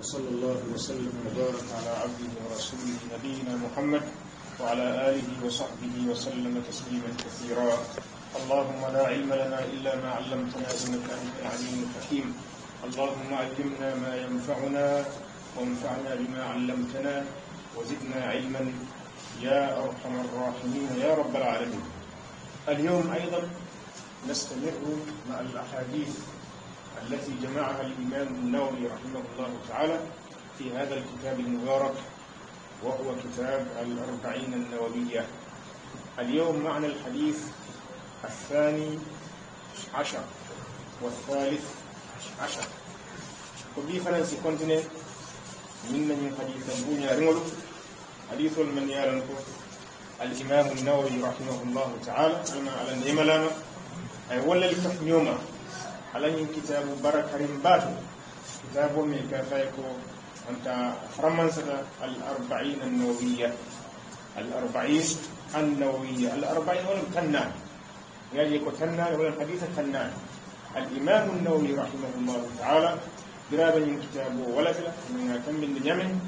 وصلى الله وسلم وبارك على عبده ورسوله نبينا محمد وعلى آله وصحبه وسلم تسليما كثيرا اللهم لا علم لنا إلا ما علمتنا إنك أنت العليم الحكيم اللهم علمنا ما ينفعنا وانفعنا بما علمتنا وزدنا علما يا أرحم الراحمين يا رب العالمين اليوم أيضا نستمر مع الأحاديث التي جمعها الإمام النووي رحمه الله تعالى في هذا الكتاب المبارك وهو كتاب الأربعين النووية اليوم معنا الحديث الثاني عشر والثالث عشر كبي فرنسي كونتيني من من حديث البنيا رمولو حديث من يارنكو الإمام النووي رحمه الله تعالى أما على لنا أي ولا الكف alayin kitabu barakarin batu kitabu mai kafa ko anta framansa da al-arba'in an-nawawiyya al-arba'in an-nawawiyya al-arba'in wal kanna ya je ko tanna wal hadith kanna al-imam an-nawawi rahimahullah ta'ala kitabu kitabu wala fil min kam min yamin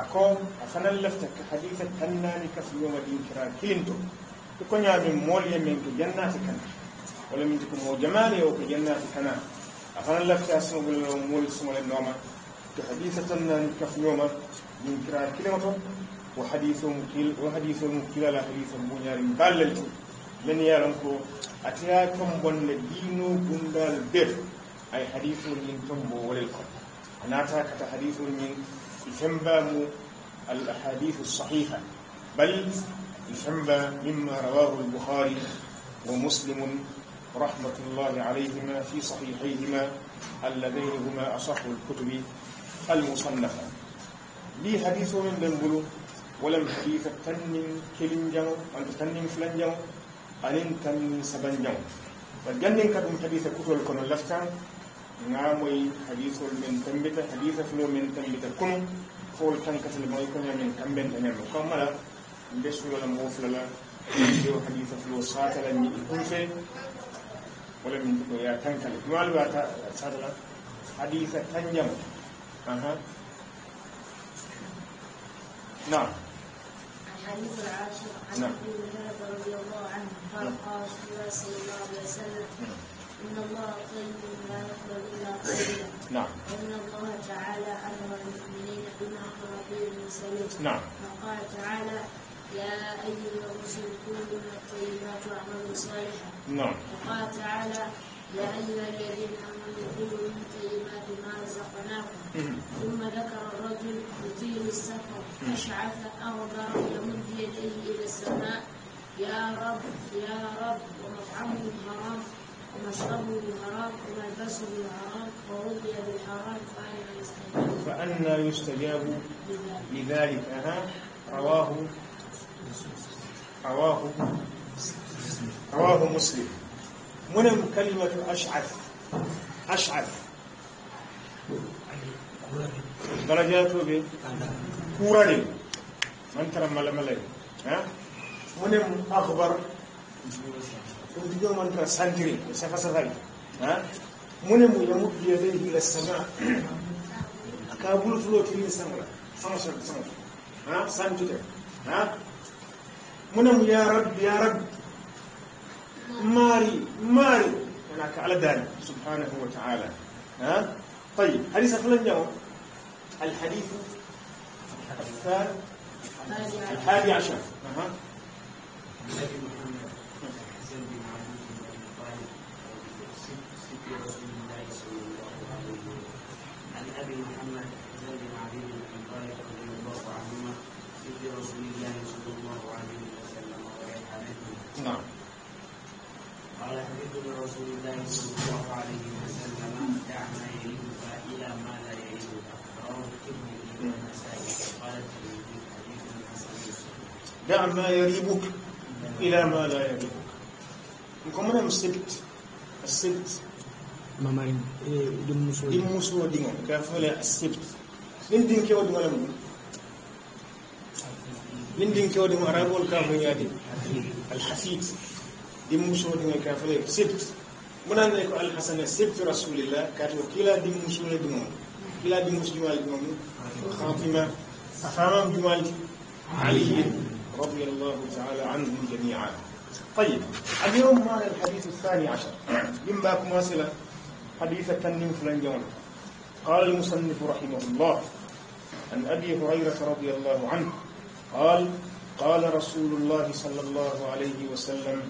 ako afanan lafta hadith kanna ni kasbiyo wa din kira kilinto ko nyaami mol yemen ko jannati kanna ولم يجدكم هو جماله وفي جنات حنا أفلا لك تأسنوا بالأمور السمى للنومة كحديثة نكف يوما من كراء كلمة وحديث مكيل وحديث مكيل لا حديث بنيار لن يرمكو أتياكم بن الدين بند البر أي حديث من تنبو وللقر ناتا كتحديث من يتنبام الأحاديث الصحيحة بل يتنبى مما رواه البخاري ومسلم رحمة الله عليهما في صحيحيهما اللذين هما أصح الكتب المصنفة لي حديث من دنبلو ولم حديث تنم كلم جمو أن تنم فلان جمو أن تنم سبن جمو فالجنن كتم حديث كتب الكون لفتان نعمي حديث من تنبت حديث فلو من تنبت كن فول تنكت المايكون من تنبت من كمالا بسول الموفل لا حديث فلو ساتلا يكون فيه wala ɗum ɗo ya tankale no alwata sadala hadisa tanjam aha نعم الحديث العاشر عن نعم. نعم. نعم. ان الله طيب لا يقبل الا طيبا نعم وان الله تعالى امر المؤمنين بما امر به المرسلين نعم وقال تعالى يا أيها الرسل كلوا من الطيبات واعملوا صالحا نعم وقال تعالى يا أيها الذين آمنوا كلوا من طيبات ما رزقناكم ثم ذكر الرجل يطيل السفر أشعث أغبر يمد يديه إلى السماء يا رب يا رب ومطعمه حرام ومشربه حرام وملبسه حرام ورضي بالحرام فأنا يستجاب فأنا يستجاب لذلك أها رواه رواه رواه مسلم من كلمة أشعث أشعث درجاته به كورني من ترى ملا ملا من أخبر من ترى سنتري سفا سفاري من منم يمد يديه إلى السماء أكابل فلوتين سمرا سمرا سمرا ها سنتري ها منم يا رب يا رب ماري ماري هناك على ذلك سبحانه وتعالى ها طيب حديث فلان يوم الحديث الثالث الحادي عشر أه. دع ما يريبك إلى ما لا يريبك وكمان السبت السبت ما مين دم مسوا دم مسوا دينه كيف ولا السبت لين دين كي ودم ولا لين دين كي ودم عربي ولا كافر يادي الحسيد دم مسوا دينه كيف ولا السبت من عند يقول الحسن السبت رسول الله كاتو كلا دم مسوا دينه كلا دم مسوا دينه خاتمة أفهم دمالك عليه رضي الله تعالى عنهم جميعا طيب اليوم معنا الحديث الثاني عشر مما كماسلة حديث التنين فلان جمال قال المصنف رحمه الله عن أبي هريرة رضي الله عنه قال قال رسول الله صلى الله عليه وسلم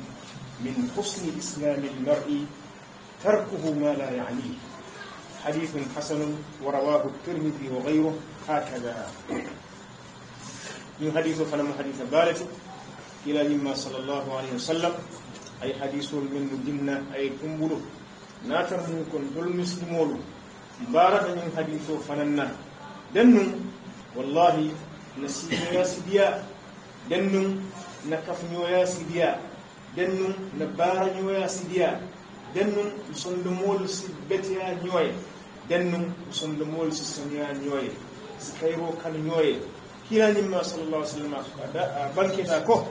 من حسن إسلام المرء تركه ما لا يعنيه حديث حسن ورواه الترمذي وغيره هكذا ɗum hadis o fana mo hadisa baalete ila yimma sallllahu alayhi wa sallam ay hadisol men no dinna ay tumbuɗo naatan mum kon hol miskimolu mbarata ñin hadis o fananna nden num wallahi na siñoya sidiya nden num na kafñoya sidiya nden num na baara ñoya sidiya nden num sondomolu si beteya ñooye nden num sondomolu si soñoya ñooye si kayro kan ñooye kilalimma sallallahu alaihi wasallam banketa ko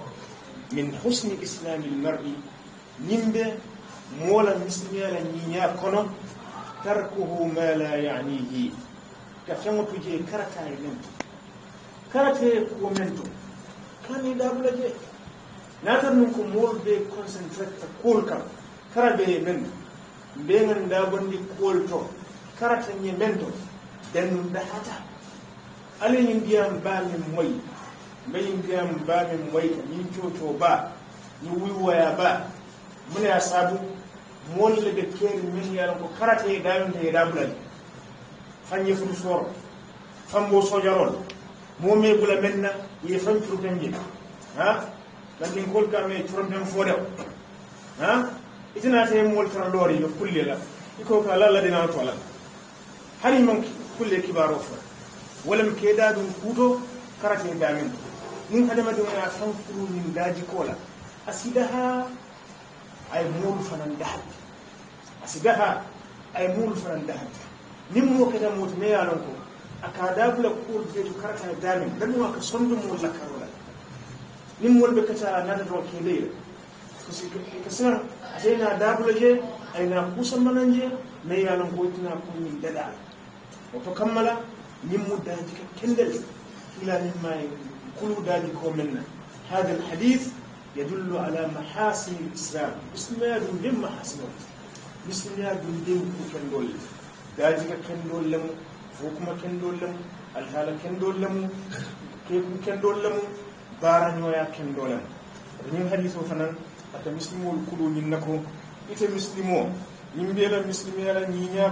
min husni islamil mar'i nimbe mola misimiyala ñiña kono tarkuhu ma la yanihi ka feŋo tuje karataye men to karataye kuwo men to kani dabula je natar nun ko moolu be concentrata kuol kam kara beye men to mbeŋan dabondi kuol to karata ñe men to denum dahata ala yin biyan ba min wai mai yin biyan ba min wai yin coco ba yi wiwaya ba muna ya sabu molle da keri min yaran ko karata ya dayon da ya ne fan yi furfor fan bo sojaron mo me bula menna ye fan turban yi ha na kol kolka mai turkan fodaw ha na te mol tan lori ya kulle la iko ka lalla na to la hari man kulle kibaro ولم كيداد كودو كرتي بامين من ادم ادم يا سنفر من داجي كولا اسيدها اي مول فنان دحت اسيدها اي مول فنان دحت نيم مو كدا موت ميالونكو اكادا بلا كور جيتو كرتا دامين دن واك سوند مو زكارولا نيم مول بكتا نادا دو كيلي كسر اجينا دابلو جي اينا كوسمانانجي ميالونكو تنا كون من ددا لم داجك كلل إلى مما يقول ذلك منا هذا الحديث يدل على محاسن الإسلام مسلم يدل من محاسنه مسلم يدل من كندول ذلك كندول لم فوكما كندول لم الحالة كندول لم كيف كندول لم بارن ويا كندول لم من حديث فنان أتى مسلم الكلو منكم إتى مسلمو من بيلا مسلم نينيا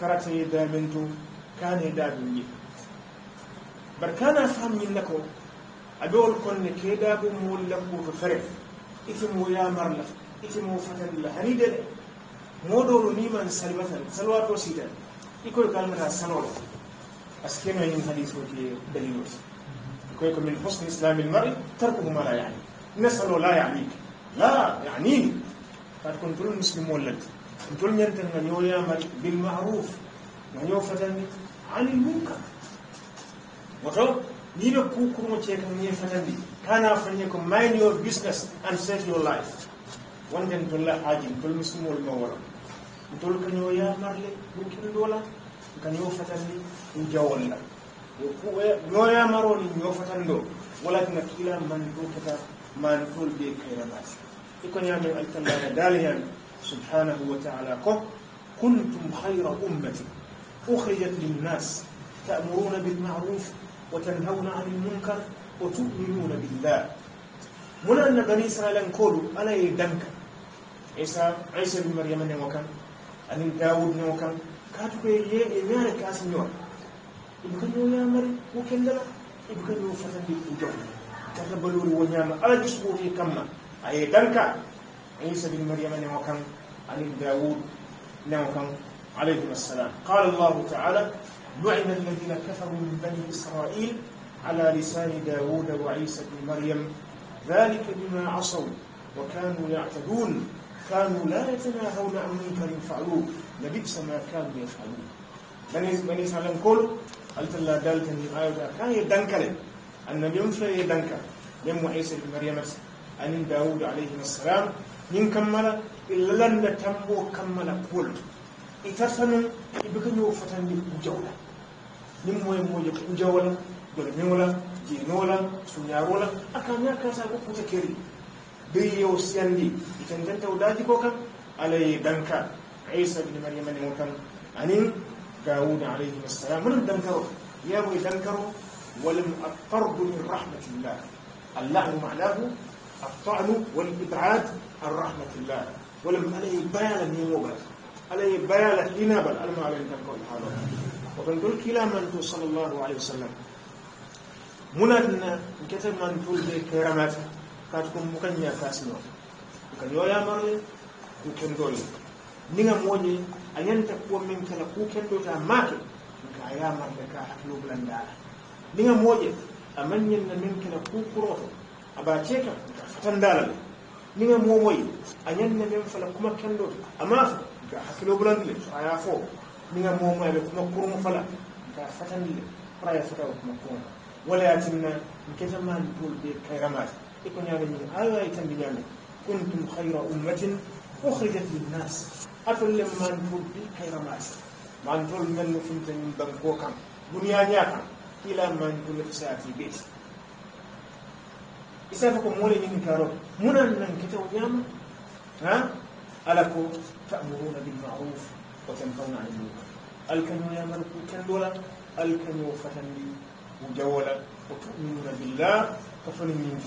كراتي دامنتو كان داد ليك بر كان أفهم منك أقول كن كيدا بمو لكو بفرف إثم ويا مرلا إثم وفتن الله هنيدا مودور نيما سلبتا سلوات وسيدا إكو يقال لها سنور أسكين وين حديث وكي دليلوس إكو يقال من حسن إسلام المرء تركه ما لا يعني نسأله لا يعنيك لا يعنيني قد كنت المسلم ولد كنت لم ينتهي بالمعروف من يوفى anil munkar woto ni ɓe kukurmoce kam ñe fatandi kana fanñe ko mind your business and save your life wonden tolla haajin tol misimol ma wona tol kañoo yamarle ɓurkinɗola kañoo fatandi ɗum jawolla ño yamaroni ño fatando walatina kiila man to kata man tol ɓe kayranaasi e ko ñamen altallana daaliyan subhanahu wa taala ko kuntum hayra ummatin أخرجت للناس تأمرون بالمعروف وتنهون عن المنكر وتؤمنون بالله هنا أن بني إسرائيل انكولوا على يدنك عيسى عيسى بن مريم أن يوكا أن داود أن يوكا كاتب يا إيمان كاسم يوكا يبكن يو يامر وكن لنا يبكن يو فتن بيك وجوه تقبلوا لي ونعم على جسمه كما أي دنك عيسى بن مريم أن يوكا أن داود أن يوكا عليهم السلام قال الله تعالى لعن نعم الذين كفروا من بني إسرائيل على لسان داود وعيسى بن مريم ذلك بما عصوا وكانوا يعتدون كانوا لا يتناهون عن منكر فعلوه لبئس ما كانوا يفعلون بني بني إسرائيل كل قالت الله دالت من آية كان يدنكله النبي مش يدنكل لم عيسى بن مريم أن داود عليه السلام من كمل إلا لن تمو كمل كل يتصنع يبكي نو فتان بجولة نموي موي بجولة جلميولة جينولة سنيارولة أكان يكاسا وكوتا كيري بيو سياندي يتنجن توداتي كوكا على دنكا عيسى بن مريم نموتن أنين داود عليه السلام من دنكرو يا بوي دنكرو ولم الطرد من رحمة الله الله معناه الطعن والإبعاد عن رحمة الله ولم عليه بيان نموتن عليه بيان دينا بل ألم عليه تنكو الحالة وبل دول كلا من تو صلى الله عليه وسلم منادنا كتب من تول بكرامات كاتكم مكنيا كاسنو كان يويا مرلي يمكن دولي نينا موني أن ينتقوا من كلا كو كندو تا ماكي نكا يا مرلي كا حكلو بلندا نينا موني أمن ينن من كلا كو كروتو أباتيكا فتندالا نينا موني أن ينن من فلا كما كندو أما ka hakilo bulandi le a y'a fɔ ni ka mɔgɔ mɔgɔ bɛ kuma kurun fa la ka fatani le fara ya fata o kuma kurun wala ya timina n kɛ jama ni tolu bɛ kayirama e kɔni y'a bɛ ɲini ala y'a tan biliya mɛ kuntum khayra ummatin ukhrijat linnas atol le man tolu bɛ kayirama man tolu mel no funta ni banko kan duniya nya kan ila man tolu sa'ati bait isa fa ko mole ni karo munan nan kitau yama ha ألكم تأمرون بالمعروف وتنهون عن المنكر ألكنوا يا ملك كندولا ألكنوا فتنبي وجولا وتؤمنون بالله كفن منك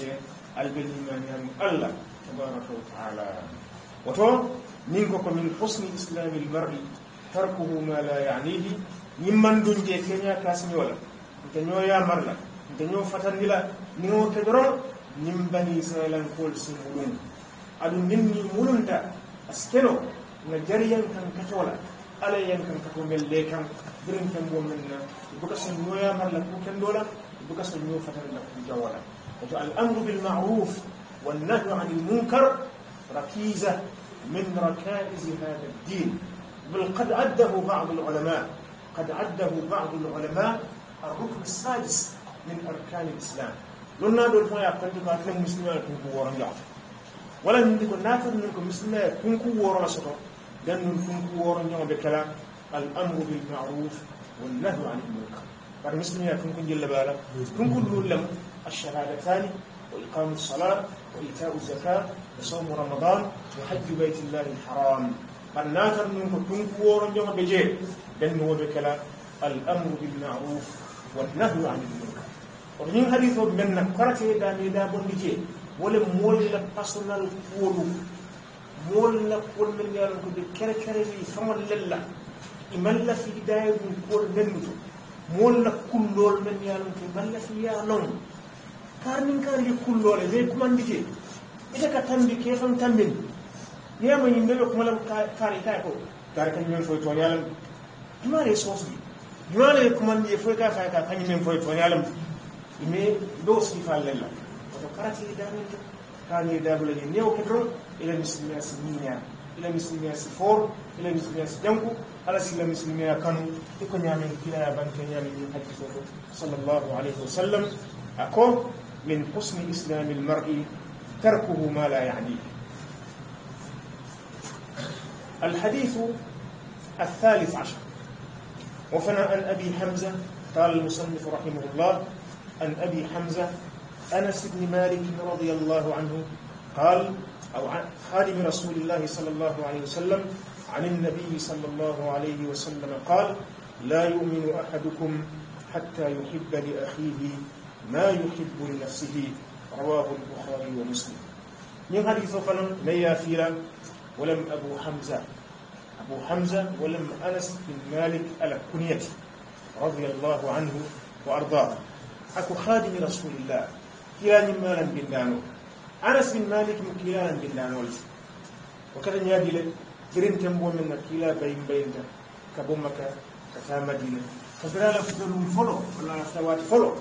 البلمان نعم يا الله تبارك وتعالى وتو نينكو من حسن إسلام المرء تركه ما لا يعنيه نيمان دون جي كنيا كاسمي ولا نتنيو يا مرلا نتنيو فتنبي لا نيو كدرو نيم بني إسرائيل كل أدو نيم مولون اسكنو نجري يمكن كتولا الا يمكن تكون من ليكم درين كان بو من نويا مالك بو دولا بقص نويا فتر لك جوالا الامر بالمعروف والنهي عن المنكر ركيزه من ركائز هذا الدين بل قد عده بعض العلماء قد عده بعض العلماء الركن السادس من اركان الاسلام قلنا دول فوق يا ما كان مسلم يعرف هو ورا wala ñindi ko naatol nin ko misila kunku worona soto dan nun kunku woro ñogo ɓe kala al amru bil maruf والنهي عن المنكر بعد مسلم يا كنكم جل بالا كنكم نقول لهم الشهادتان وإقام الصلاة وإيتاء الزكاة وصوم رمضان وحج بيت الله الحرام قد ناتر منكم كنكم ورن يوم بجيل بل هو بكلا الأمر بالمعروف والنهي عن المنكر ومن حديث من نكرت دامي دابون بجيل wala moolu la personnel kuolu moolu la kuol men yaalon ko ɓe kere kere wi faŋol lella imalla fi daye ɗum kuol mennu to moolu la kullol men yaalon ko imalla fi ya non karnin kar ye kullole ɓe kumandite ita ka tambi ke fan tambin yama yimɓe ɓe kumalam kaari kaye ko kaari kañumen foye toñalam jumaale e soosdi jumaale e kumandi e foye ka faye ka kañumen foye toñalam ime ɓe o sifaal lella قرأت إدامته كان يداب الذي نيو كدرو إلى مسلمية سنينيا إلى مسلمية سفور إلى مسلمية سدنكو على سيلا مسلمية كانوا يكون يعمل يعني كلا بنك يعمل يعني الحديث صلى الله عليه وسلم أكو من حسن إسلام المرء تركه ما لا يعنيه الحديث الثالث عشر وفنى عن أبي حمزة قال المصنف رحمه الله عن أبي حمزة أنس بن مالك رضي الله عنه قال أو عن خادم رسول الله صلى الله عليه وسلم عن النبي صلى الله عليه وسلم قال لا يؤمن أحدكم حتى يحب لأخيه ما يحب لنفسه رواه البخاري ومسلم من حديث قلم ليا فيلا ولم أبو حمزة أبو حمزة ولم أنس بن مالك على كنيته رضي الله عنه وأرضاه أكو خادم رسول الله مكيان مالا بالدانو أنا بن مالك مكيان بالدانو وكذا نيادي له جرين تمبو من كيلا بين بين دا كبو مكا كتا مدينة فبرا لفضل الفلو ولا لفتوات فلو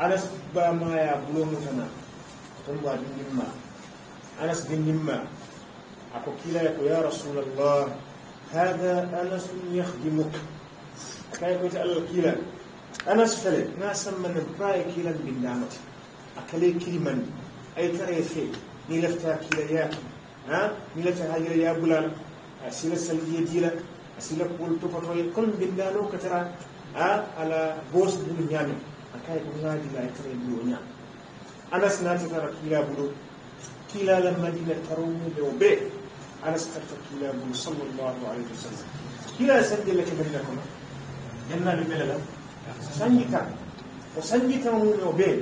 أنا با ما يا بلو مثنا تنبو عدن نما أنا بن نما اكو كيلا يكو يا رسول الله هذا انس يخدمك كيف يتألو كيلا أنا فلي ناس من الباي كيلا بالدانو akalee kilimani aytareefe nilaftaa kilayaa nilata hajirayaa bulan asila salgiye diila asila kuwol tokotoye comme mbindano katara ala boos bulu ñaame akaye ko ŋaadila aytare bulo ñaam anas naatatara kiila bulo kiilala madina taromu lewo bee anas karta kiila bulo sallllahu alayhi wa sallam kiila sanjele ke madina kono jannaɓe melela sanjita o sanjita mume o bee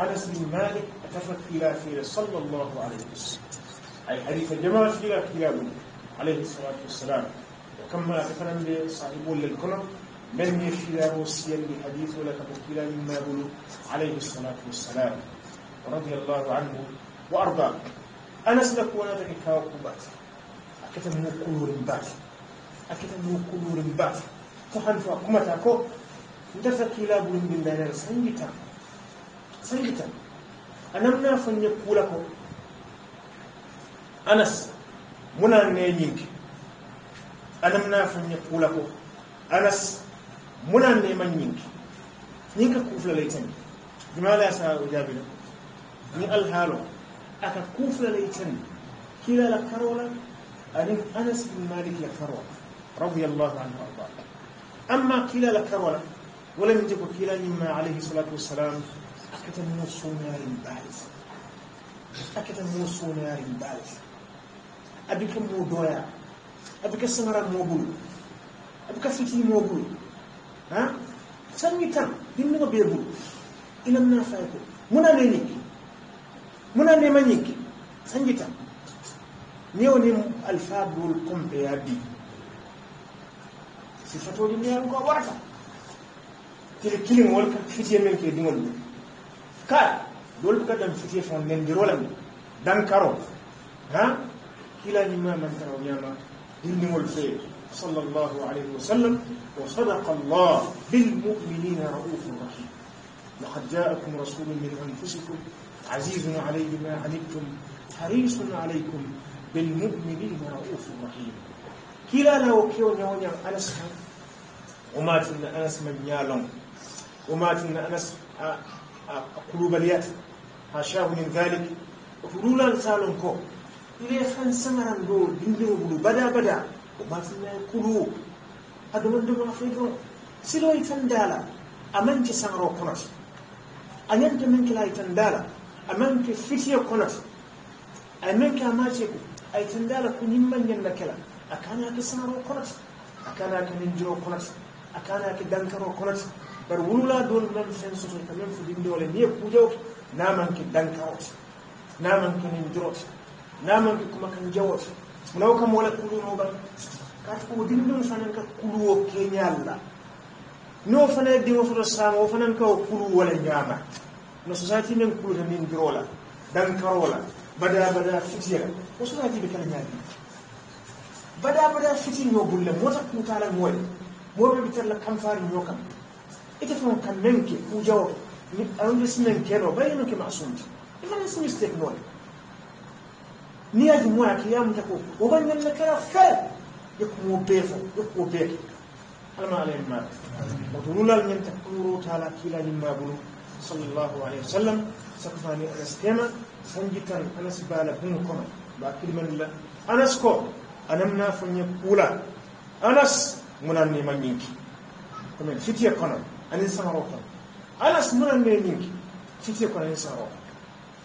أنس بن مالك أتفت إلى صلى الله عليه وسلم أي حديث الجماعة إلى كتابه عليه الصلاة والسلام وكما تفرن صاحب للكلم من يشيله وصيا بحديث ولا تبكيلا مما يقول عليه الصلاة والسلام رضي الله عنه وأرضاه أنس لك ولا تكاو كبات أكتم من كلور بات أكتم من كلور بات تحن فأقمتك ندفت كلاب من دانا سنجتا سيدي أنا من أفن يقولكم انا من أنينك أنا من أفن يقولكم أنس من أنينك نيك كوفلا ليتن جماعة ساعة وجابنا ني الحالو أك كوفلا ليتن كلا لكارولا أنا أنس بن مالك لكارولا رضي الله عنه وأرضاه أما كلا لكارولا ولم تكن كلا مما عليه الصلاة والسلام African mercenary battles, African mercenary battles. Abika mo doya, abika sangara mo bulu, abika fiti mo bulu, ha? Sangi tan, bimbi no be bulu, ilam na faiko, muna ne niki, muna ne maniki, sangi tan. Niyo ni alfabul kumbe ya bi. Sifatoli ne ya ko warata. Kili kili mo walka fiti ya men ke dingol kai dol buka dan fiti fa len dirolam dan karo ha kila ni ma man taraw nyama dinni wol fe sallallahu alaihi wasallam wa sadaqa allah bil mu'minina raufur rahim لقد جاءكم رسول من انفسكم عزيز عليه ما عنتم حريص عليكم بالمؤمنين رؤوف رحيم كلا لو كيو نيونيا انس وماتن انس من يالون وماتن انس قلوب اليأس حاشاه من ذلك فلولا لسان كو إلى خان سمران دو دندو بلو بدا بدا وما سنا كلو هذا من دو مفيدو سلو يتندالا أمنت سنرو كنس أنت منك لا يتندالا أمنت فتية كنس أمنك أماتيكو أي تندالا كن يمن ينكلا أكانك سنرو كنس أكانك منجرو أكان أكانك دنكرو كنس bar wulula dool nan fen soto ka men fudinde wala niye kuujawto namanke dankawote namanke nin durote namanke kuma kan jawote naw kam wala kuluno ban kaata ko dinnon fanan ka kuluwo keñalla no fana diwo soto saama o fanan ka o kulu wala ñaama no society men kuluta nin durola dankarola bada bada fitiyala o society ɓe kala ñaadi bada bada fiti ñoo bulle mota kutala moole moɓe ɓe terla kamfaari ñoo kam اتفهم كان ننكر هو جواب أنا بس ننكر وبين ننكر معصوم إذا نسمي استكمال نياج مواك يا متكو وبين لك لا فعل يكمو بيفو يكمو بيك على ما عليه ما لنا من تكورو تعالى كلا لما بلو صلى الله عليه وسلم سكفاني أنس كما سنجتن أنس بالا بنكما باكل من الله أنس كو أنمنا فنيا أنس منان نيمان ينكي كمن فتيا كنا أنا إنسان روحا على سمنا المينينك تيتي يكون أنا إنسان روحا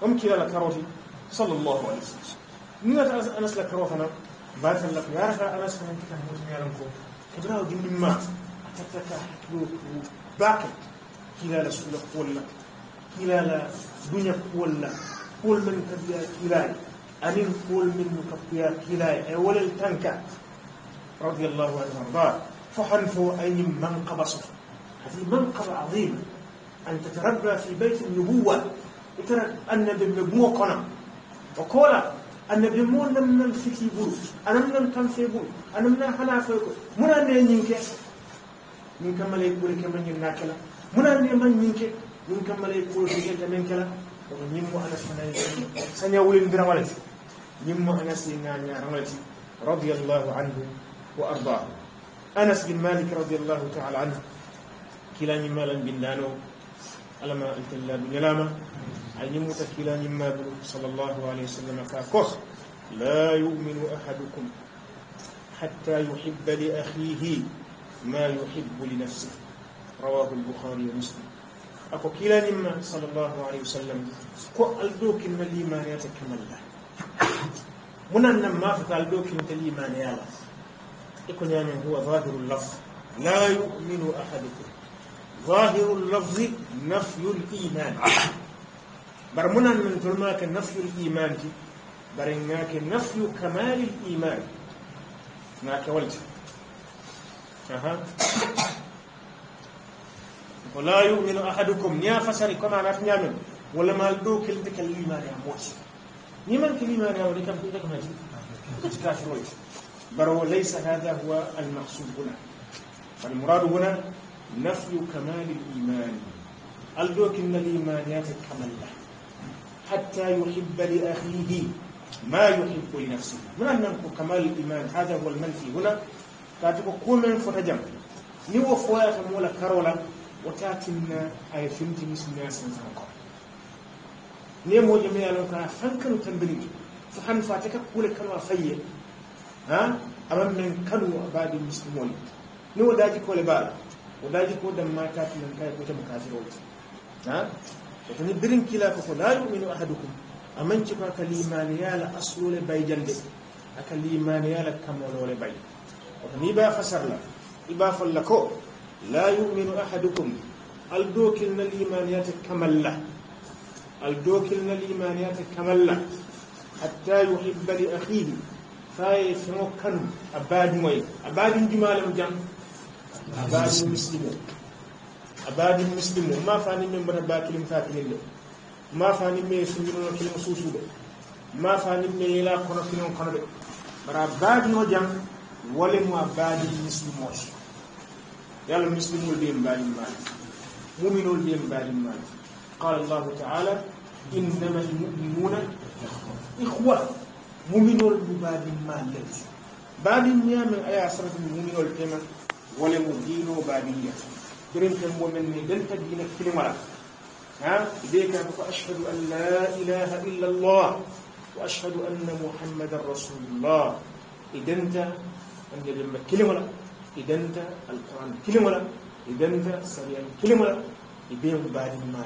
أم كي لا كروتي صلى الله عليه وسلم نيوت أنا لك روحنا بعد أن لك يعرف أنا سمنا أنت كان موت ميالا مخو كدرا هذا مما أتتكا حكلوك وباكت كي لا لسؤول قول لك لدنيا قول لك من كبيا كلاي أن قول من كبيا كلاي أولي التنكات رضي الله عنه فحنفوا أي من قبصه هذه منقبة عظيمة أن تتربى في بيت النبوة وترى أن بالنبوة قنا وقال أن بالنبوة لم نمسكي بول أنا من لم تمسي بول أنا من حنا فيك من أن ينك من كم لا يقول كم كما ينكلا من أن يمن ينك من كم لا يقول من ينكلا ومن يمو أنا سنة سنة ولين برمالتي يمو أنا سنة رمالتي رضي الله عنه وأرضاه أنس بن مالك رضي الله تعالى عنه kilañimma lan bindano alama ما du ñalama ay ñimmuta kilañimma du sallallahu alayhi الله عليه ka ko la yuminu ahadukum حتى يحب لأخيه ما يحب لنفسه رواه البخاري ومسلم أكو كلا نما صلى الله عليه وسلم كو ألدوك إن الإيمان يتكمل له من أن ما فقالدوك ما الإيمان يكون يعني هو ظاهر اللفظ لا يؤمن أحدكم ظاهر اللفظ نفي الإيمان برمنا منن من تلماك نفي الإيمان تي بر نفي كمال الإيمان ناك ولت أها ولا يؤمن أحدكم نيا فسر كما نعرف نعمل ولا مالدو كلمة الإيمان يا موسى نيمان كلمة يا ولي كم كنت كنا كافر بر وليس هذا هو المقصود هنا المراد هنا نفي كمال الإيمان الدوك إن الإيمان يتكمل له حتى يحب لأخيه ما يحب لنفسه من أن كمال الإيمان هذا هو المنفي هنا كل من فتجم نيو فوايا فمولا كارولا وتاتنا أي فمتي مسلمي نيو نيمو جميع لنكا فنكن تنبريد فحن فاتك كل كلمة فيه ها أمام من كانوا أبادي المسلمون نيو داجي كل بالك ولاد كودا ما كات من كاي كوتا مكاسر ولت ها لكن برين كلا كفو لا يؤمن أحدكم أمن تبا كليمان يالا أصلو لباي جند أكليمان يالا كمولو لباي وكن إبا فسر لا إبا فلكو لا يؤمن أحدكم لا الإيمانيات كملة الدوكلنا الإيمانيات لا حتى يحب لأخيه فاي سمو كن أباد موي أباد جمال جم عباد مسلم عباد المسلمين ما فاني من برا باكل مفاتن ما فاني من سنجرون كل مصوصو ما فاني من يلا كنا كنا كنا برا باد نوجان ولم مسلم المسلمين يلا المسلمون دين باد المال مؤمنون دين باد المال قال الله تعالى إنما المؤمنون إخوة مؤمنون بباد المال بعد النعمة أي عصرة المؤمنون والإيمان ولم الدين بابية برنت ومن دلت الدين الكلمة المرأة ها ديك أشهد أن لا إله إلا الله وأشهد أن محمدا رسول الله إذا أنت أن لما كلمة إذا أنت القرآن كلمة إذا أنت سريع كلمة إذا بعد ما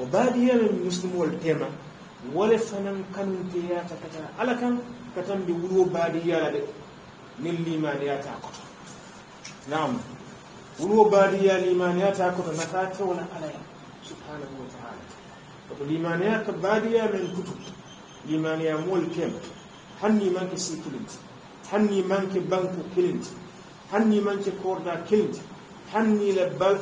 وبادية المسلم والتيمة ولا كان تياتا كتا على كان كتن بيقولوا بادية لدي من اللي ما نياتا قطر نعم ولو باديا لمانيا تاكو نفاته ولا عليا سبحانه وتعالى لمانيا كباديا من كتب لمانيا مول كم هني منك سيكلت هني منك بنك كلت هني منك كوردا كلت هني لبل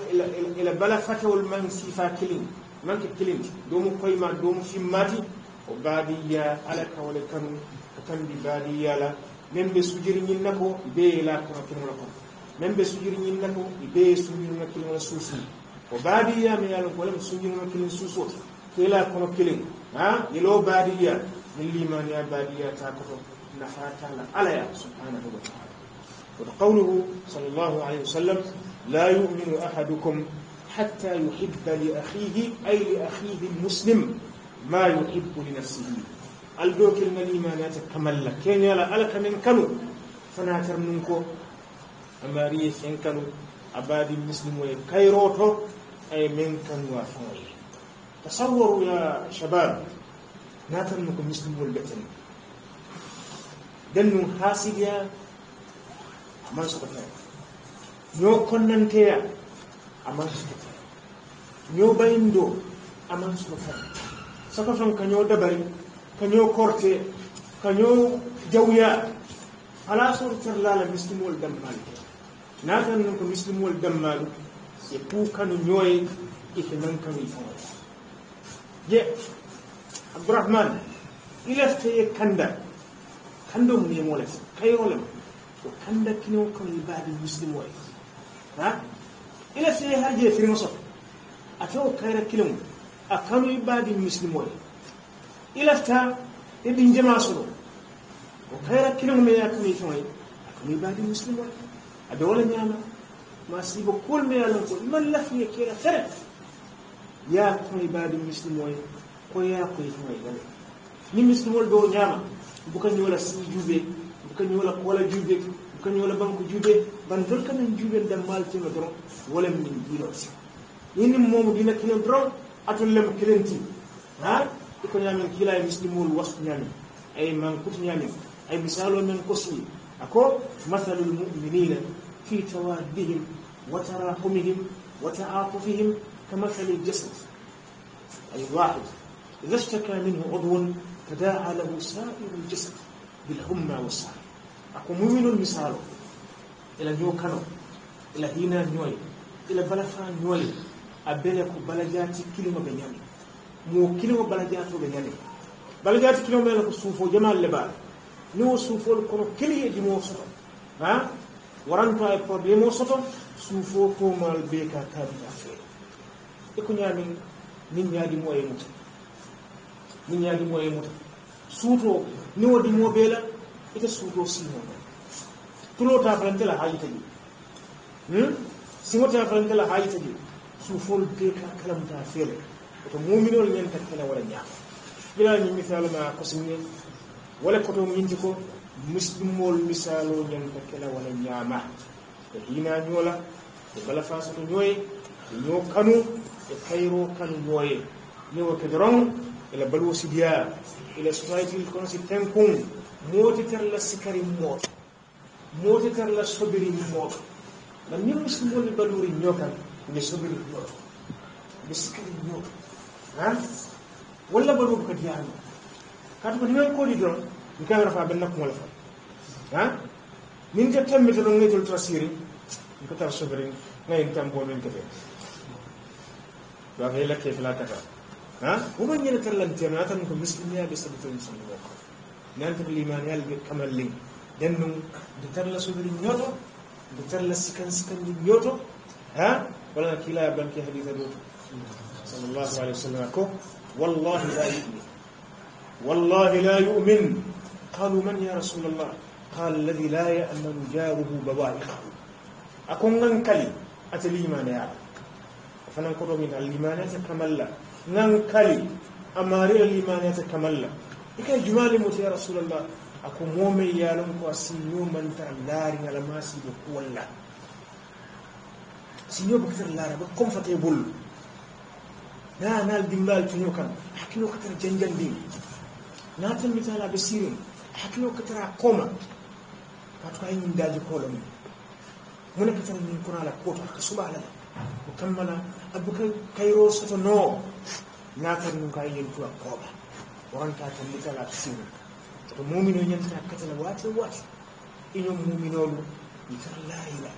الى بلفته والمنسي فاكلين منك كلت دوم قيما دوم في ماتي وباديا على كولكن كان بباديا لا من بسجر ينكو بلا كم كنوا men be sujiri ñinna ko ibe sujirna kiliŋola suusu o baadiya me ye a lon ko lem sujirna kiliŋ suusuo kela kono kiliŋ a yeloo baadiya min limaniya baadiya ta koto nafaa ta la ala ya subhanahu wa taala woto qawluhu sall llahu alayhi wa sallam la yuminu ahadukum حتى يحب لأخيه أي لأخيه المسلم ما يحب لنفسه الدوك المليمانات كمل لك كين يلا ألك من كانوا فناتر منكو amari senkalu abadi muslimu e kayroto ay men kanwa fon tasawwaru ya shabab natan ko muslimu latan dannu hasidiya aman su kafa nyo konnanteya aman su kafa nyo bayindo aman su kafa sakafan kanyo dabari kanyo korte kanyo jawya ala sur terlala muslimol dambal naatan nan ko misilimuwol dammaalu e kuu kanu ñooye eke nan kanuy fawoy je abdourahmane ilasteye kanda kando mu nemolem kayrolem ko kanda kino kanuy baadi misilimoye ha ilasteye harje firma soto atewo kayra kilemu a kanuy baadi misilimoye ilasta e ɗi jama solo ko kayra kilemu me ya kanuy fawoy a kanuy baadi misilimoye ada wala ñama ma sibo kol me yalon ko man lafiya kera fere ya koy baadi muslimoy ko ya koy foy gale ni muslimol do ñama bu ko ñola si jube bu ko ñola kola jube bu ko ñola banku jube ban dol kamen jube dal mal ci ma doro wala min dilo ci ni momu dina kilen doro atul lem kilenti ha ko ñamen kilay muslimol was ñami ay man kut ñami ay misalo men ko suyi أكو مثل المؤمنين في توادهم وتراحمهم وتعاطفهم كمثل الجسد أي الواحد إذا اشتكى منه عضو تداعى له سائر الجسد بالهمة والسعر أكو مؤمن المثال إلى نيو كانو إلى هنا نيوي إلى بلفا نيوي أبلك بلجات كلمة بنيامي مو كلمة بلجات بنيامي بلجات كلمة بنيامي سوفو جمال لبالي niwo suufol kono kiliye ɗimo soto ha waranto ay probléme o soto suufo tomal be ka kaabita feere e ko ñaamin min ñaadimo e muta min ñaadimo e muta suuto niwo dimo beela ita suuto siimoɗo tulota falantela haajita ɗi siŋota falantela haajita ɗi suufol be ka kalamta feere oto muminol ñanta kala wala ñaama ɓiraa ñi misal ma kosimne wala koto minti ko muslimol misalo ñanta kela wala ñaama e hina ñoola e bala fasoto ñooye e ñoo kanu e kayro kanu ñooye ñewo ke doron ela balwo sidiya ela society kono si tenkun mootitar la sikari mooto mootitar la sobiri mooto man ni muslimol baluri ñokan ne sobiri ñooto ne sikari ñooto ha walla balwo ko diyaano kaatu ko ni men koodi doron يمكن رفع بينكم ولا فرق ها مين كتب مثل نيت التراسيري كتب صبرين ما ينتم بول من كتب وهي لك كيف لا ترى ها وما ين تكلم تيمنا تنكم بسم الله بسبب تنسون الله نانت بالإيمان يالك كمال لين دنو دكتور لا صبرين يوتو دكتور لا سكن سكن يوتو ها ولا كلا يبان كي حديث الوتو صلى الله عليه وسلم والله لا يؤمن والله لا يؤمن قالوا من يا رسول الله قال الذي لا يأمن جاره بوائقه أكون ننكلي أتلي ما يا فننكر من الإيمان يتكمل ننكلي أماري الإيمان يتكمل إكا جمال موت يا رسول الله أكون مومي يا لنك أسيو من تعلاري على ما سيبو كولا سيو بكتر لاري بكم فتيبول نا نال دمال تنوكا حكي نوكتر جنجن دين ناتن مثال بسيرين hakkilo katara koma wato ayin yin daji kolon muna katar yin kuna la kotu aka su ba alala ku kammala abokan kairo sata no na kan nuka yin tuwa koba wurin ta tambita la ta sinu to mumino yin ta katala wato wati? inyon mumino lu itar layila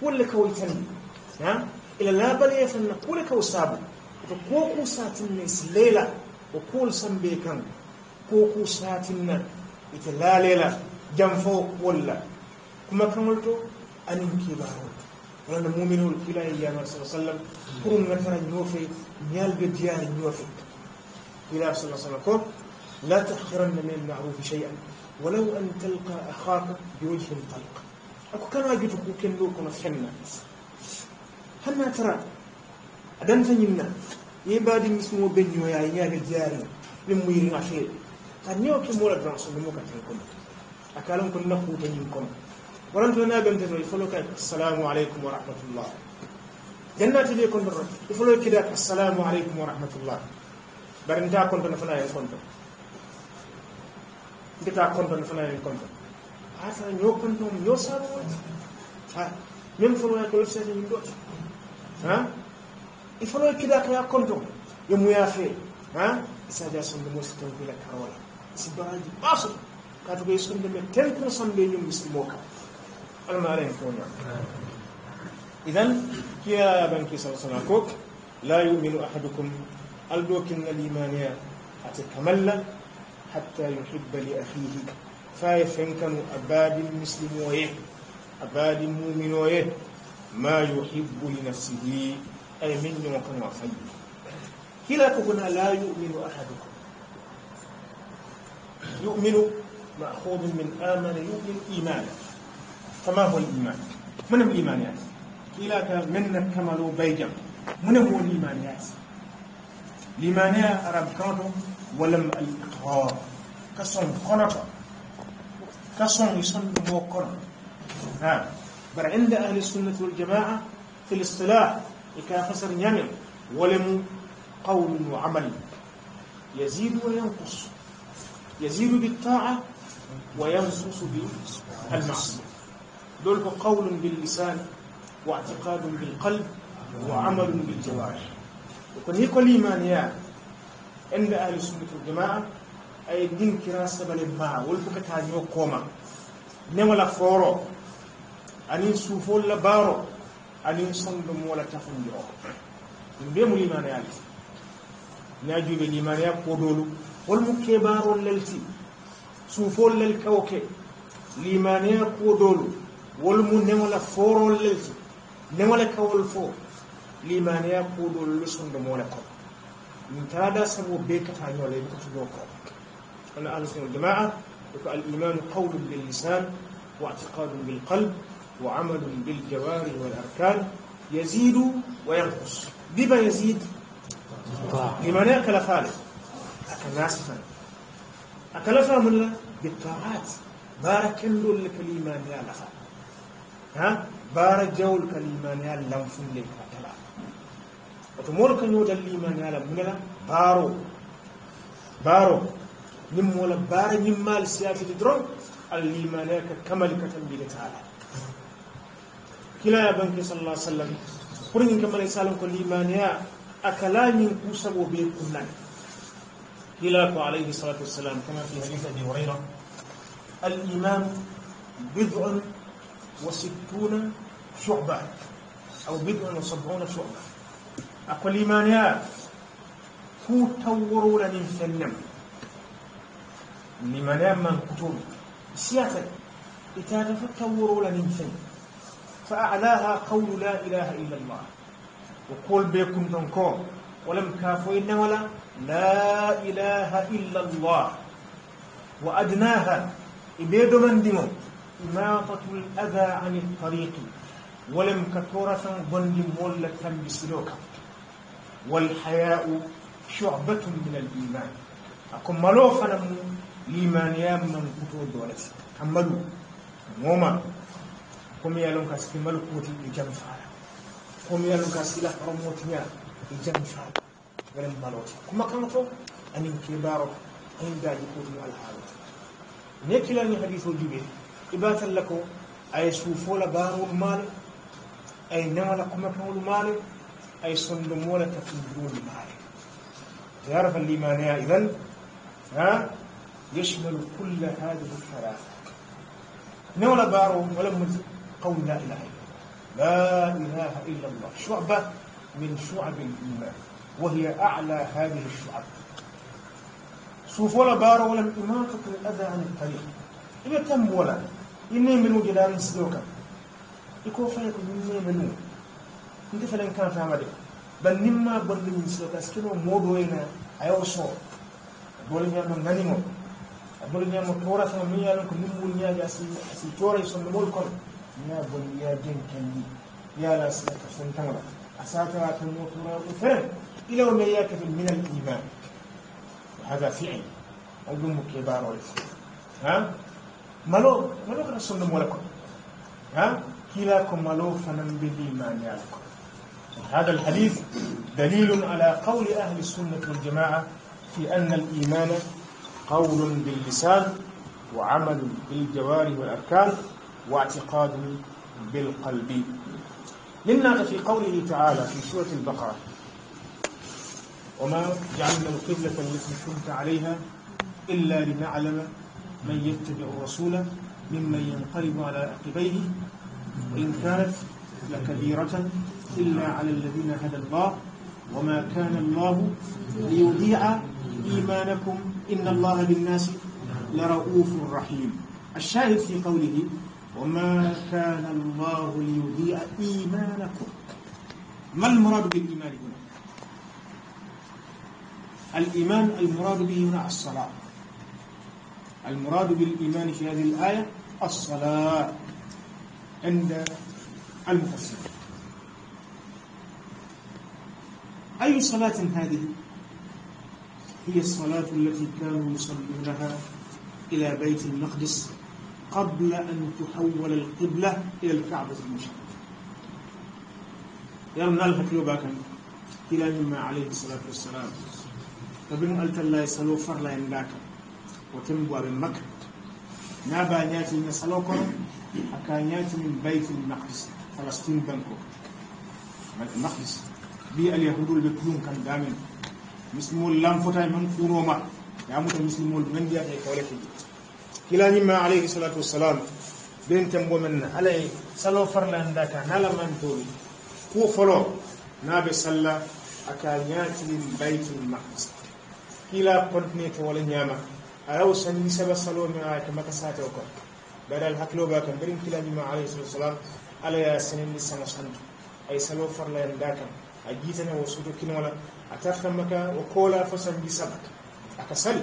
wala kawai tan na ila labari ya fanna kula kawai sabu to ko ku satin ne su laila ko kul san bai kan ko ku satin nan ita lalela jamfo wala kuma kamulto to anin kibarol to wonano muminol kila e yamar sa sallam pour gatara ñoofe ñalbe diyaare ñoofe kila sa sallam ko la takhiran min ma'ruf shay'an walaw an talqa ahaka biwajhin talqa ako kana jutu ku kenɗo kono fenna hanna tara a danta ñinna ye mbaadi mismo ɓe ñoya e ñaage diyaare ɓe muyirina feere aniyo ki mura dran so mu ka tan kono akalon kun na kuta yin kono waran to na ben to folo ka assalamu alaikum wa rahmatullah jannati de kon dran folo ki da assalamu alaikum wa rahmatullah barin ta kon tan fana yin kono ndita kon tan fana yin kono asa nyo kon to nyo sabo ha men folo ya ko sey yin do ha ifolo ki da ka kon to yo mu ya fe ha isa ja sun mo sto bi la karola si baraji basoto kaatu koye sunde men ten pourcent nde ñum musilme o kam alano ala hen fowñam idan kiya banki sa sala ko la yuminu ahadukum alɗo kinna limaniya ate kamalla hatta yuhibba li ahihi faye fenkanu a baɗin muslime o ye a baɗin mumin o ye ma yuhibbu li nafsihi ay min ñoo kanu a fayi hila ko gona la yuminu ahadukum يؤمن مأخوذ من آمن يؤمن إيمانا فما هو الإيمان؟ من الإيمان يأتي؟ إلى من كملوا بيجم من هو الإيمان يأتي؟ الإيمان أرب ولم الإقرار كسون خلطة كسون يصن موقر ها نعم. بل عند أهل السنة والجماعة في الاصطلاح إكافسر يمن نعم. ولم قول وعمل يزيد وينقص يزيد بالطاعة وينقص بالمعصية دول قول باللسان واعتقاد بالقلب وعمل بالجوارح وكن هيك الإيمان يا ان أهل السنة والجماعة أي الدين كراسة بالإباء والفكة تاجيو كوما نما لا فورو اني سوفول لبارو اني أنين ولا تفنجو نبيم الإيمان يا ناجو بالإيمان يا كودولو والمكبار للتي سوفو للكوكي لمانيا كودولو والمو نمولا فورو للتي نمولا كول فور لمانيا كودولو لسون دمولا كول نتادا سمو بيكا تانيو ليبكا تنوكو أنا أهل السنة الجماعة الإيمان قول باللسان واعتقاد بالقلب وعمل بالجوارح والأركان يزيد وينقص بما يزيد لمن يأكل ثالث أخلصنا أخلصنا من الله بالطاعات بارك الله لك الإيمان يا الله ها بارك جو لك الإيمان يا الله لنفن لك أتلا وتمولك نود الإيمان يا الله من الله بارو بارو نمولا بارك نمال سيافة درون الإيمان يا كمال كتنبيل تعالى كلا يا بنك صلى الله عليه وسلم قرن كمال سالم كل إيمان يا أكلا من كوسب وبيكم لك خلاف عليه الصلاة والسلام كما في حديث أبي هريرة الإيمان بضع وستون شعبة أو بضع وسبعون شعبة أقول إيمان يا كو تورون من فنم لمن من كتب سياسة لتتفكروا من فن فأعلاها قول لا إله إلا الله وقول بكم تنكو ولم كافوا إن ولا لا إله إلا الله وأدناها إبيد من دمو إماطة الأذى عن الطريق ولم كثرة ظن مولة بسلوك والحياء شعبة من الإيمان أكم ملوفنا لإيمان يا من كتور دولتي كملوا موما كم يالون كاسكي ملوكوتي إجام فعلا كم يالون كاسكي لحرموتي إجام فعلا wenen baloto kumakan to anin kebaro anin daji kotum alhaala ne kilani hadis o jiɓe ibatalla ko aye suufola barol maale aye nawala kumakanol maale aye sondomola tafindirol maale تعرف الإيمانية إذن ها يشمل كل هذه الثلاثة نولا بارو ولم قول لا إله إلا الله لا إله إلا الله شعبة من شعب الإيمان وهي أعلى هذه الشعب سوف ولا بار ولا الإمام كل الأذى عن الطريق إذا تم ولا إني منو جلال سلوكا يكون فيك إني منو أنت فلان كان في عمله بل نما بل من سلوكا سكنو مودوينا أيو صور بولي نعم نانيمو بولي نعم تورا فميا لكم نمو نيا أسي أسي تورا يسمو لكم يا بولي يا دين كلي يا لا سلوكا سنتمرا أساتها تنمو تورا وفرم إلى وما يكفل من الإيمان وهذا فعل أظن كبار الفعل ها مالو مالو كنا سنة ها كلاكم مالو فمن بالإيمان يالكم هذا الحديث دليل على قول أهل السنة والجماعة في أن الإيمان قول باللسان وعمل بالجوارح والأركان واعتقاد بالقلب لنا في قوله تعالى في سورة البقرة وما جعلنا القبلة التي كنت عليها إلا لنعلم من يتبع الرسول ممن ينقلب على عقبيه وإن كانت لكبيرة إلا على الذين هدى الله وما كان الله ليضيع إيمانكم إن الله بالناس لرؤوف رحيم الشاهد في قوله وما كان الله ليضيع إيمانكم ما المراد بالإيمان هنا الإيمان المراد به هنا الصلاة المراد بالإيمان في هذه الآية الصلاة عند المفسرين أي صلاة هذه؟ هي الصلاة التي كانوا يصلونها إلى بيت المقدس قبل أن تحول القبلة إلى الكعبة المشرفة من الهكلوبا كان إلى مما عليه الصلاة والسلام ابن ألت الله سلو فر لا ينقاك وتم باب مكة نابا نياتي نسلوكم حكا نياتي من بيت المقدس فلسطين بنكو المقدس بي اليهود البكلون كان دامين مسلمو اللام فتا من فوروما يا موتا مسلمو المن دي أخي قولكي كلا نما عليه الصلاة والسلام بين تنبو من علي سلو فر لا ينقاك نالا من توري كو فلو نابي صلى أكا نياتي من بيت المقدس إلى قدنيت ولا نعمة أو سن نسب السلوم من آية كما كسات وكر بدل هكلو باكن بل انكلامي ما عليه الصلاة والسلام على سن نسان سند أي سلو فر لين داكن أجيتنا وصوتو كنولا أتخم مكا وكولا فسن نسبك أكسل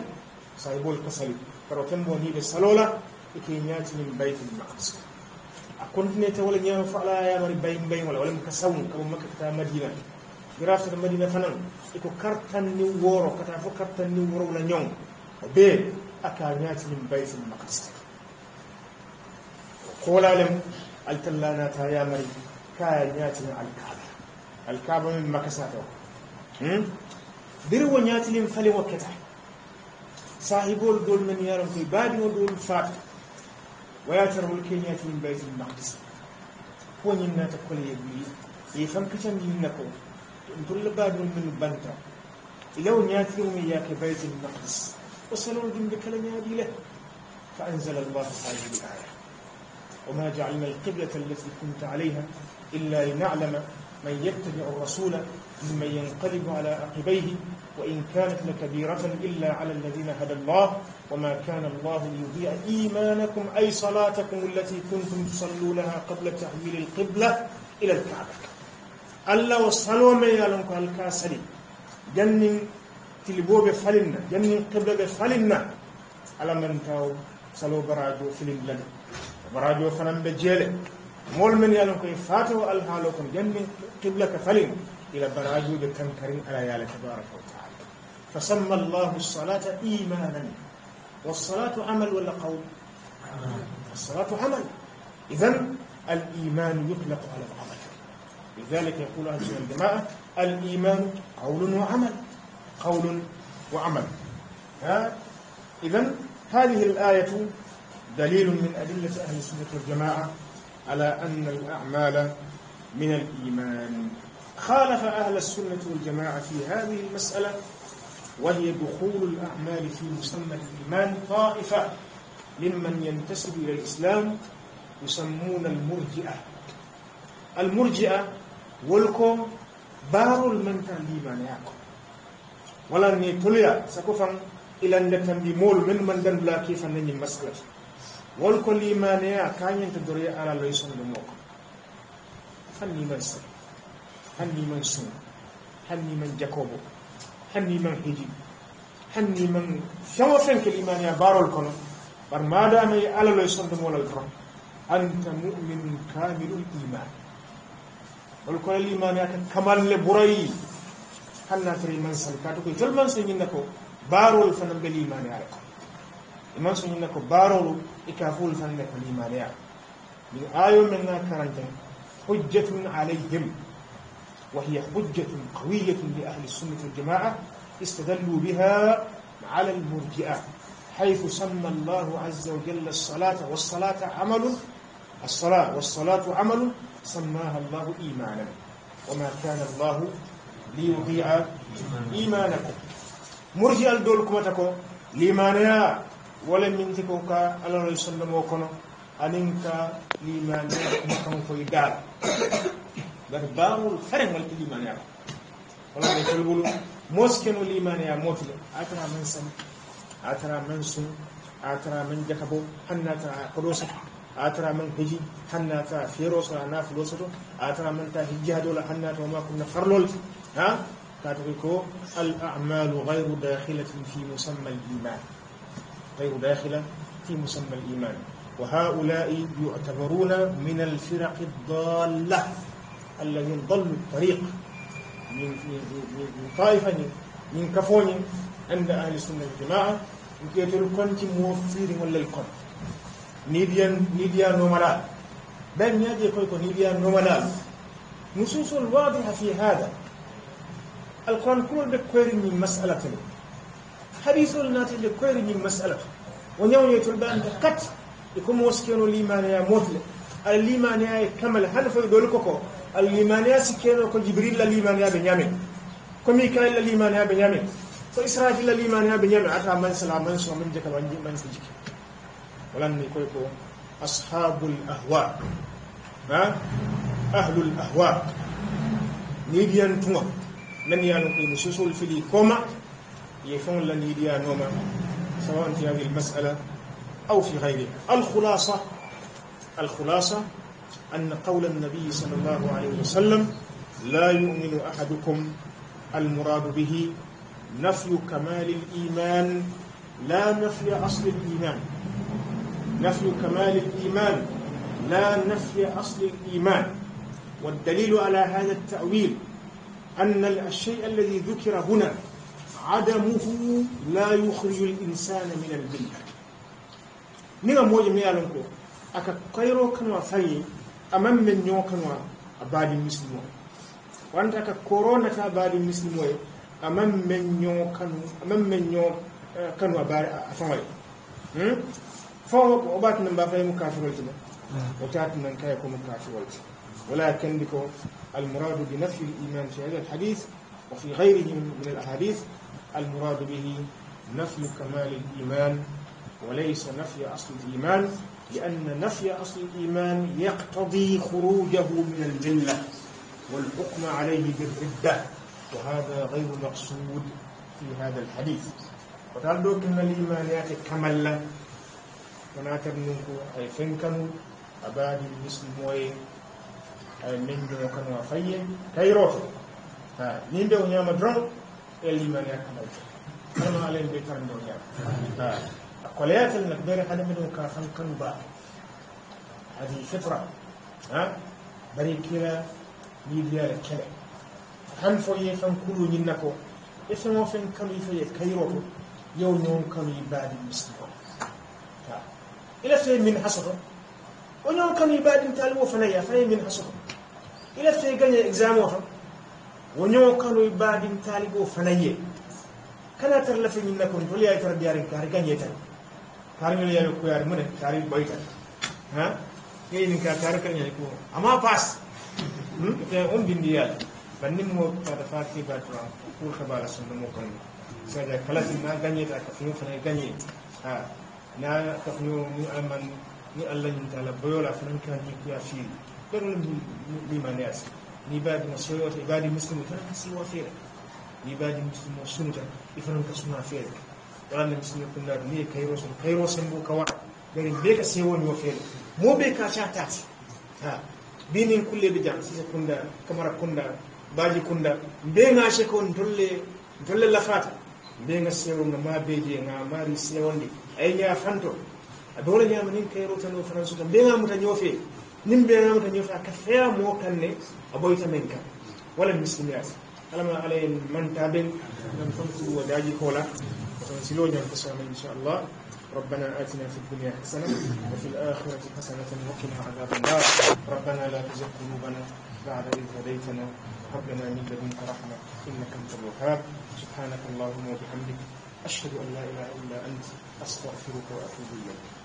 سايبول كسلي فرو تنبو نيب السلولة إكينيات من بيت المقدس أكون نيت ولا نعمة فعلا يا مري بين بين ولا ولا مكسون كم مكتا مدينة غير آخر مدينة فنان iko kartan ni woro kata fo kartan ni woro la wula ñoŋ o bee a ka ñaatinin baytil maqdis teke o koolalem altallanaata yamari kaya ñaatinin alkaaba alkaaba min makasata hmm biri wo ñaatinin fali wo keta sahibol dol men yaron koy baadiwo dol faata wayatarwol ke ñaatinin baytil makas ko ñin naata kole yi ɓuyi ye fankitandi yinna ko ntulla baadum min banta ilaw ñaakirumi yaake baytul maqdis o salol dimbe kala ñaaɗi le fa وما جعلنا القبلة التي كنت عليها إلا لنعلم من يتبع الرسول ممن ينقلب على عقبيه وإن كانت لكبيرة إلا على الذين هدى الله وما كان الله ليضيع إيمانكم أي صلاتكم التي كنتم تصلونها قبل تحويل القبلة إلى الكعبة allah o salo men yalon ko alka sali jannin tiliboɓe falinna jannin qiblaɓe falinna ala men taw salo barajo filinlade barajo fanan ɓe jeele mol men yalon koye fata o alhaalo kono jannin qibla ka falin ila barajuɓe kankarin ala yaala tabaraka wa taala fasamma allahu lsolata imanan والصلاة عمل ولا قول؟ الصلاة عمل إذا الإيمان يطلق على العمل لذلك يقول أهل السنة والجماعة الإيمان قول وعمل قول وعمل ها إذا هذه الآية دليل من أدلة أهل السنة والجماعة على أن الأعمال من الإيمان خالف أهل السنة والجماعة في هذه المسألة وهي دخول الأعمال في مسمى الإيمان طائفة ممن ينتسب إلى الإسلام يسمون المرجئة المرجئة ولكم بارو المنتان دي ماني أكو ولا ني توليا سكو فان إلا نتان دي مول من من دن بلا كيف أنني مسكلة ولكم لي ماني أكاين تدري على لويسون دموك فان لي من سر فان لي من سون فان من جاكوبو فان من هيدي فان من شو فان كلي ماني بارو الكون بر ما دامي على لويسون دمول الكرم أنت مؤمن كامل الإيمان ولكن الإيمان يا كمال لبرأي هل نفري من سلكاتك كل من سنينكوا بارو الفن بالإيمان يا من سنينكوا بارو إكافو الفن من آية من نكرتين حجة عليهم وهي حجة قوية لأهل السنة والجماعة استدلوا بها على المرجئة حيث سمى الله عز وجل الصلاة والصلاة عمل الصلاة والصلاة عمل سماها الله إيمانا وما كان الله ليضيع إيمانكم مرجي الدول كما تكو لإيمانيا ولا من على الله يسلم وكنا أنك لإيمانيا كما كان في دار بل باب الفرن والإيمانيا والله يقول مسكن الإيمانا موتل أترى من سم أترى من سم أترى من جكبو أن أترى قدوسك اترى من هجي حنا تا فيروس انا فلوسو اترى من تا هجي هذول حنا وما كنا فرلول ها كاتبكو الاعمال غير داخله في مسمى الايمان غير داخله في مسمى الايمان وهؤلاء يعتبرون من الفرق الضاله الذين ضلوا الطريق من من طائفه من كفون عند اهل السنه والجماعه يكتركون في موفرهم للقرب nidiyan nidiya nomanal بل نادي كويكو نيديا نومانال نصوص واضحة في هذا القرآن كل بكويري من مسألة حديث الناتي لكوير من مسألة ونيو يتلبان كت يكون موسكينو ليمانيا مثل الليمانيا كمل هل فيدولكوكو الليمانيا سكينو كو جبريل لليمانيا بنيامين كميكائيل لليمانيا بنيامين وإسرائيل لليمانيا بنيامين عطا من سلام من سوى من جكال وانجي من سجكي ولن يكون أصحاب الأهواء ها أهل الأهواء نيديان توا من يانقي نسوسول في الكوما يفون لن نوما سواء في هذه المسألة أو في غيرها الخلاصة الخلاصة أن قول النبي صلى الله عليه وسلم لا يؤمن أحدكم المراد به نفي كمال الإيمان لا نفي أصل الإيمان نفي كمال الإيمان لا نفي أصل الإيمان والدليل على هذا التأويل أن الشيء الذي ذكر هنا عدمه لا يخرج الإنسان من الملة من موجة من ألنكو أكا كايرو كنوا ثاني أمام من نيو كنوا أباد مسلمو وانت أكا كورونا تابادي مسلمو أمام من نيو كنوا أمام من نيو آه، كنوا أباد آه، أفاوي فوق وبات نبا مكافر كافرولت وتات من كاي يكون كافرولت ولكن بكو المراد بنفي الإيمان في هذا الحديث وفي غيره من الأحاديث المراد به نفي كمال الإيمان وليس نفي أصل الإيمان لأن نفي أصل الإيمان يقتضي خروجه من الملة والحكم عليه بالردة وهذا غير مقصود في هذا الحديث وتعدوك أن الإيمان يأتي كمال konatar ninku ay fen kanu abadi muslimoye ay menjomo kanu a fayyen kayro fe ha ni nde o ñama doron e limaniya kamal fe kono alen be tarndo ñama ha a koleyatel nak bere hade meɗen ka fan kanu ba hadi fitra ha bari kira yidiyala kele han fo ye fan kulu ñinna ko e feŋo fen kanu ife ye kayro to yew ñon kanu i baadi muslimo ila fe min hasoto onon kan ibadin talibo fana ya fana min hasoto ila fe ganye exam wa fam wonyo kan ibadin talibo fana ye kana tar la fe min nakon to liya tar diarin kar ganye tan kar ngel ya ko yar mun kar boy tan ha kayin ka kar kan ya ko amma pass hmm te on bindiyal banni mo ta da fati ba to ko khabara sun mo kan sai da kala na ganye ta ka fi fana ganye ha na kafno ni alman ni allah ni tala boyola fanan kan ni kuya fi yi. don ni ma manas ni badi masoyo ta ibadi muslimu tan kasi wa fi ni badi muslimu sunta ifanan ka suna fi wannan muslimu kunna ni kai rosun kai rosun bu kawa garin be ka sai wani wa fi mo be ka sha ta ha binin kulle bi jam sai kunda kamar kunda baji kunda be nga she ko ndolle ndolle lafata be nga sewo nga ma je nga mari sewonde ay ñaa fanto a dole ñama nin kayrota no fanan suta mbegamuta ñoofe nin mbegamuta ñoofe a ka feya mo kan ne a ɓoyta men kan wala misilmiat alama alayen manta ɓen gam fantu wo daji koola oton silo ñam ko sama inchallah ربنا آتنا في الدنيا حسنة وفي الآخرة حسنة وقنا عذاب النار ربنا لا تزغ قلوبنا بعد إذ هديتنا ربنا من لدنك رحمة إنك أنت الوهاب سبحانك اللهم وبحمدك أشهد أن لا إله إلا أنت أستغفرك وأتوب إليك